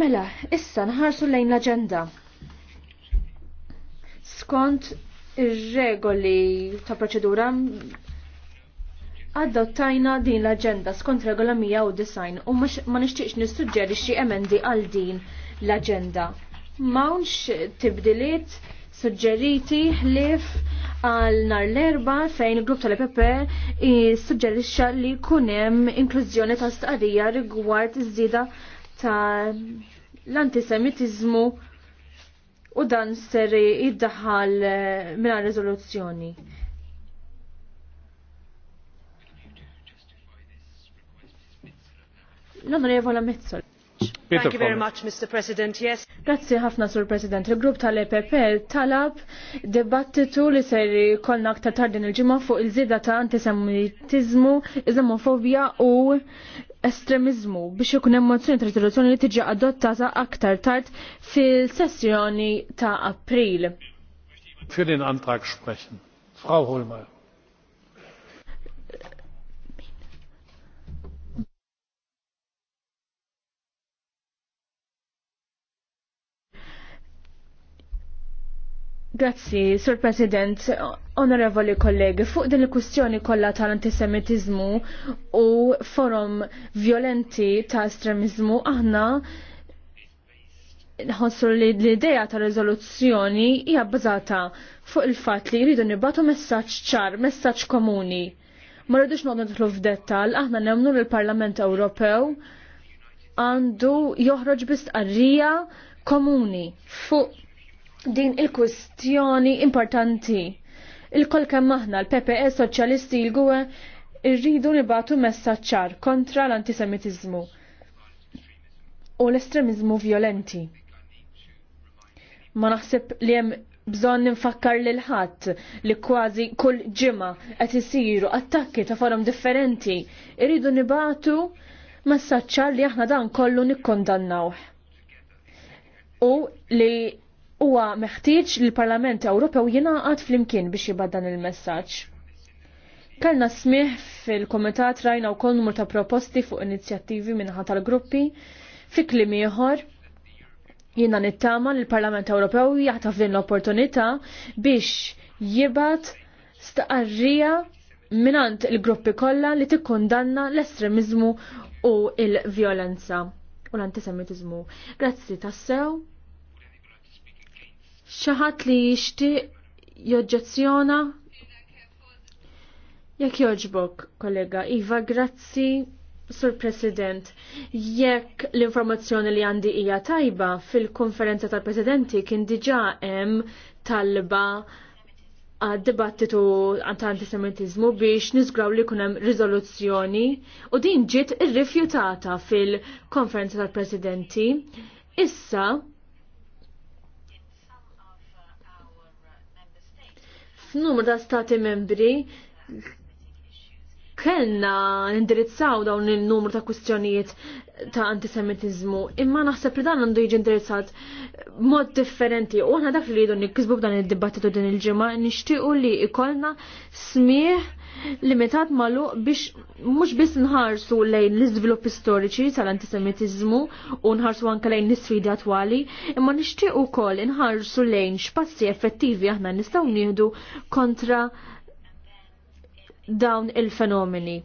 Mela, issa nħarsu lejn l-agenda. Skont ir-regoli ta' proċedura adottajna din l-agenda skont regola 100 u ma nixtieqx nissuġġerixxi emendi għal din l-agenda. Mawnx tibdiliet suġġeriti ħlif għal nar l-erba fejn il-grupp tal-EPP suġġerixxa li kunem inklużjoni ta' stqarrija rigward iż-żieda ta' l-antisemitizmu u dan ser jiddaħħal eh, minna rezoluzzjoni. L-onorevola Mezzola. Thank you very much, Mr. President. Yes. Grazzi ħafna, Sur President. Il-grupp tal-EPP talab debattitu li ser kolna aktar tardin il-ġimgħa fuq il-żieda ta' antisemitizmu, iżomofobja u estremizmu biex ikun hemm mozzjoni ta' riżoluzzjoni li tiġi adottata aktar tard fil-sessjoni ta' April. Für den Antrag sprechen. Frau Holmer. Grazzi, Sur President, onorevoli kollegi, fuq din il-kwistjoni kollha tal-antisemitizmu u forum violenti ta' estremizmu aħna nħossu li l idea ta' rezoluzzjoni hija bbażata fuq il-fatt li jridu nibatu messaġġ ċar, messaġġ komuni. Ma rridux noqgħod nidħlu f'dettall, aħna nemmnu l parlament Ewropew għandu joħroġ qarrija komuni fuq din il-kwestjoni importanti. Il-kol kemm aħna l-PPE Soċjalisti l-Gwe irridu nibatu messaċċar kontra l-antisemitizmu u l-estremizmu violenti. Ma naħseb li hemm bżonn ninfakkar lil ħadd li kważi kull ġimgħa qed isiru attakki ta' forom differenti irridu nibatu messaċċar li aħna dan kollu nikkondannawh. U li huwa meħtieġ li l-Parlament Ewropew jingħaqad flimkien biex jibgħad dan il-messaġġ. Kellna smih fil-komitat rajna wkoll numru ta' proposti fuq inizjattivi minħa tal-gruppi fi kliem ieħor jiena nittama li l-Parlament Ewropew jaħtaf din l-opportunità biex jibgħat staqarrija minant il-gruppi kollha li tikkundanna l-estremizmu u il-vjolenza u l-antisemitizmu. Grazzi tassew. Xaħat li jishti joġġezzjona? Jekk joġbok, kollega, Iva, grazzi, Sur President, jekk l-informazzjoni li għandi hija tajba fil-konferenza tal-Presidenti kien diġà hemm talba għad-dibattitu ta' antisemitizmu biex nizgraw li kunem rizoluzzjoni u din ġiet irrifjutata fil-konferenza tal-presidenti. Issa, f'numru ta' stati membri kellna indirizzaw dawn il-numru ta' kwistjonijiet ta' antisemitizmu, imma naħseb li dan għandu jiġi indirizzat mod differenti. U għana dak li jidu nikkisbu dan il-dibattitu din il-ġimgħa nixtiequ li ikollna smieħ limitat malu biex mhux biss nħarsu lejn l-iżviluppi storiċi tal-antisemitiżmu u nħarsu anke lejn l-isfidi attwali, imma nixtieq ukoll nħarsu lejn x'passi effettivi aħna nistgħu nieħdu kontra dawn il-fenomeni.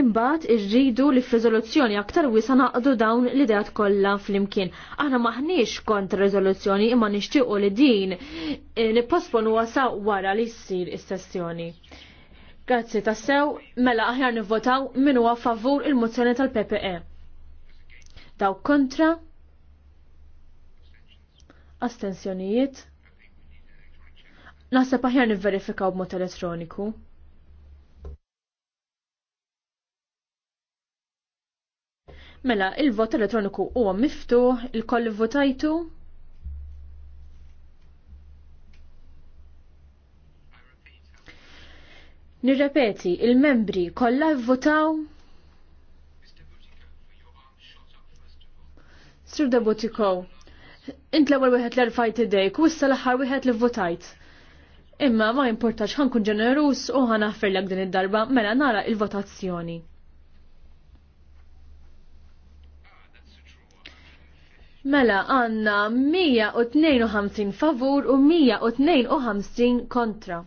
Imbagħad irridu li f'riżoluzzjoni aktar wisa naqdu dawn l-ideat kollha flimkien. Aħna maħniex kontra riżoluzzjoni imma nixtiequ li din eh, nipposponu wasa wara li jsir is-sessjoni. Grazzi tassew, mela aħjar nivvotaw min huwa favur il-mozzjoni tal-PPE. Daw kontra? Astensjonijiet? Naħseb aħjar nivverifikaw b'mod elettroniku. Mela, il-vot elettroniku huwa miftuħ, il-koll votajtu. Nirrepeti, il-membri kollha votaw. Sir Debutiko, int l-ewwel wieħed l-erfajt idejk u issa l-aħħar wieħed li votajt. Imma ma jimportax ħankun ġenerus u ħanaħfer din id-darba mela nara il-votazzjoni. Mela għanna 152 favur u 152 kontra.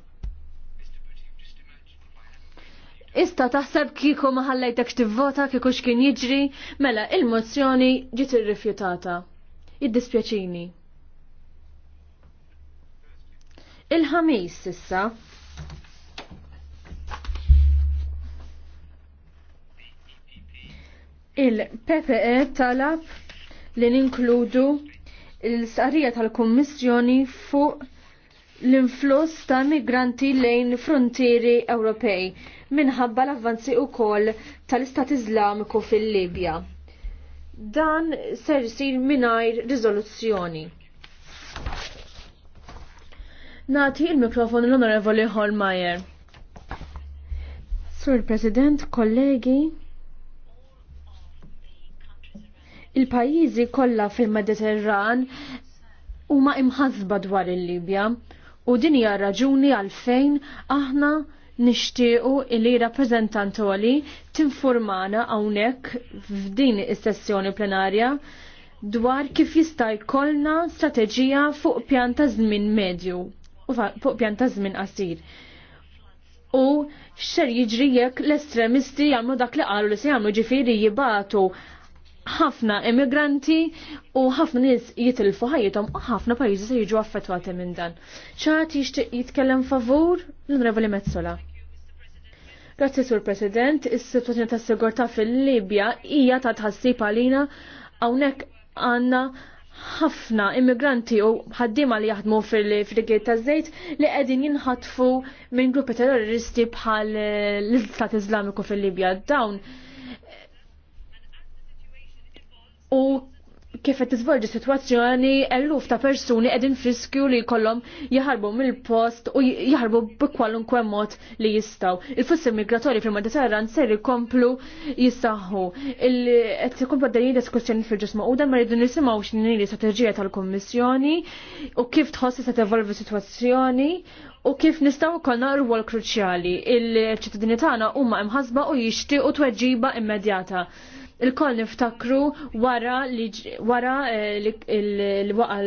Ista taħseb kiko maħallajtek tivvota kiko xkien jiġri, mela il-mozzjoni ġiet irrifjutata. Id-dispjaċini. Il-ħamis issa. Il-PPE talab li ninkludu l-sarija tal-Kommissjoni fuq l-influss ta' migranti lejn frontieri Ewropej minħabba l-avvanzi u koll tal-Istat Islamiku fil-Libja. Dan ser jisir minajr riżoluzzjoni. Nati il-mikrofon l-Onorevoli Holmeyer. Sur President, kollegi, Il-pajjiżi kollha fil-Mediterran huma imħazba dwar il-Libja u din hija raġuni għalfejn aħna nixtiequ li rappreżentantoli tinformana hawnhekk f'din is-sessjoni plenarja dwar kif jista' jkollna strateġija fuq pjan ta' żmien medju u fuq pjan ta' żmien qasir. U xer jiġri jekk l-estremisti jagħmlu dak li qalu li se jagħmlu ġifieri jibatu ħafna immigranti u ħafna nies jitilfu ħajjithom u ħafna pajjiżi se jiġu affettwati minn dan. ċat jixtieq jitkellem favur l-Onorevoli Mezzola. Grazzi Sur President, is-sitwazzjoni tas sigurtà fil-Libja hija ta' tħassib għalina hawnhekk għandna ħafna immigranti u ħaddiema li jaħdmu fil-frigiet ta' żejt li qegħdin jinħatfu minn gruppi terroristi bħal l-Istat Iżlamiku fil-Libja. Dawn u kif qed tiżvolġi sitwazzjoni eluf ta' persuni qegħdin fiskju li jkollhom jaħarbu mill-post u jaħarbu b'kwalunkwe mod li jistgħu. Il-flussi migratorji fil-Mediterran ser ikomplu jistaħħu. Qed ikun dejjin diskussjoni fil-ġisma u dan ma rridu nisimgħu x'inhi l-istrateġija tal-Kummissjoni u kif tħossi se tevolvi sitwazzjoni u kif nistgħu kolna rwol kruċjali. Il-ċittadini tagħna huma imħasba u jixtiequ tweġiba immedjata il kol niftakru wara li wara eh, waqa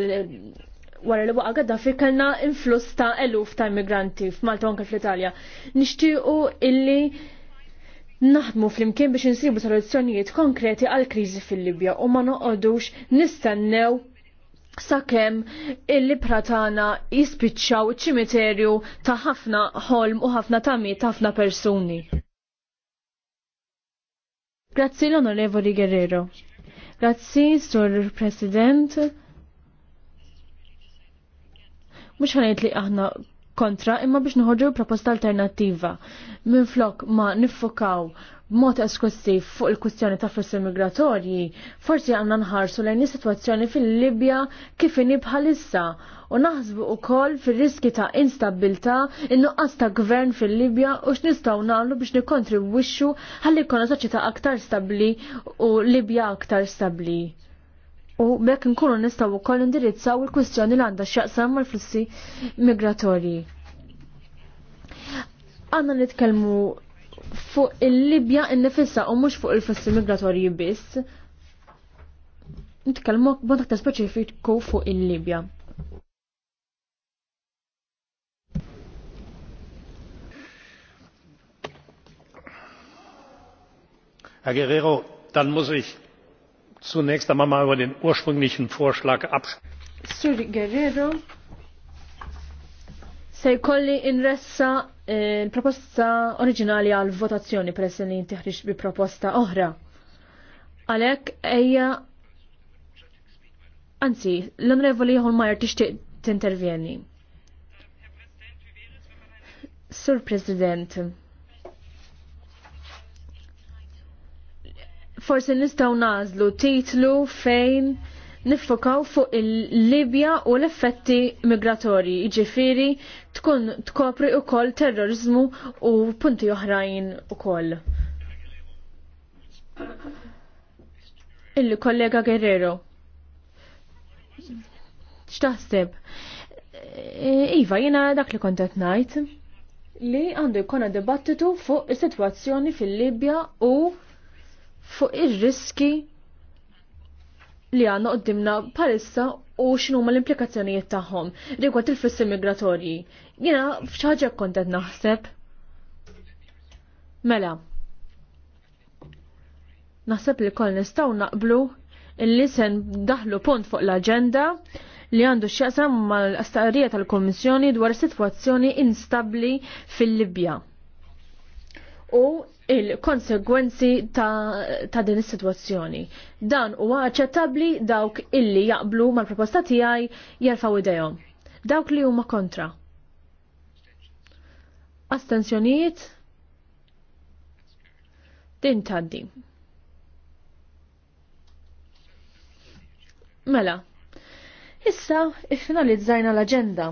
wara li waqa Gaddafi kellna influss ta' eluf ta' immigranti f'Malta anke fl-Italja. Nixtiequ illi naħdmu fl-imkien biex insibu soluzzjonijiet konkreti għal kriżi fil-Libja u ma noqogħdux nistennew sakemm illi pratana jispiċċaw ċimiterju ta' ħafna ħolm u ħafna tamiet ħafna persuni. Grazzi l-Onorevoli Guerrero. Grazzi, Sur President. Mux ħanajt li aħna kontra imma biex nħoġu proposta alternativa. Minn flok ma nifokaw Mod eskussiv fuq il-kustjoni ta' flussi migratorji, forsi għanna nħarsu lejn is-sitwazzjoni fil-Libja kif inhi bħalissa u naħsbu wkoll fir-riski ta' instabilità, in-nuqqas ta' gvern fil-Libja u x'nistgħu nagħmlu biex nikkontribwixxu ħalli jkollna soċjetà aktar stabbli u Libja aktar stabbli. U bekk nkunu nistgħu wkoll indirizzaw il-kwistjoni li għandha x'jaqsam mal-flussi migratorji. Għanna nitkellmu fuq il-Libja innifissa u mux fuq il-flussi migratorji biss. Nitkellmu b'mod aktar speċifiku fuq il-Libja. Herr Guerrero, dann muss ich zunächst einmal über den ursprünglichen Vorschlag abstimmen. Se jkolli inressa il-proposta eh, oriġinali għal votazzjoni peress li jintiħriġ bi proposta oħra. Għalek eja Anzi, l-Onorevoli Holmajer tixtieq t-intervjeni. Sur President, forse nistaw nazlu titlu fejn nifokaw fuq il-Libja u l-effetti migratorji, ġifiri tkun tkopri u koll terrorizmu u punti oħrajn u koll. Il-kollega Guerrero. Xtaħseb? E, iva, jena dak li kontet najt li għandu jkona dibattitu fuq is-sitwazzjoni fil-Libja u fuq ir-riski li għanna qoddimna palissa u xinu ma l-implikazzjonijiet tagħhom rigward il-flussi migratorji. Jina f'xaġa kontet naħseb. Mela. Naħseb li kol nistaw naqblu illi sen daħlu punt fuq l-agenda li għandu x'jaqsam mal-astarija tal komissjoni dwar sitwazzjoni instabli fil-Libja u il-konsegwenzi ta', ta din is-sitwazzjoni. Dan huwa aċċettabbli dawk illi jaqblu mal-proposta tiegħi jerfgħu idejhom. Dawk li huma kontra. Astenzjonijiet? Din taddi. Mela, issa iffinalizzajna l-agenda.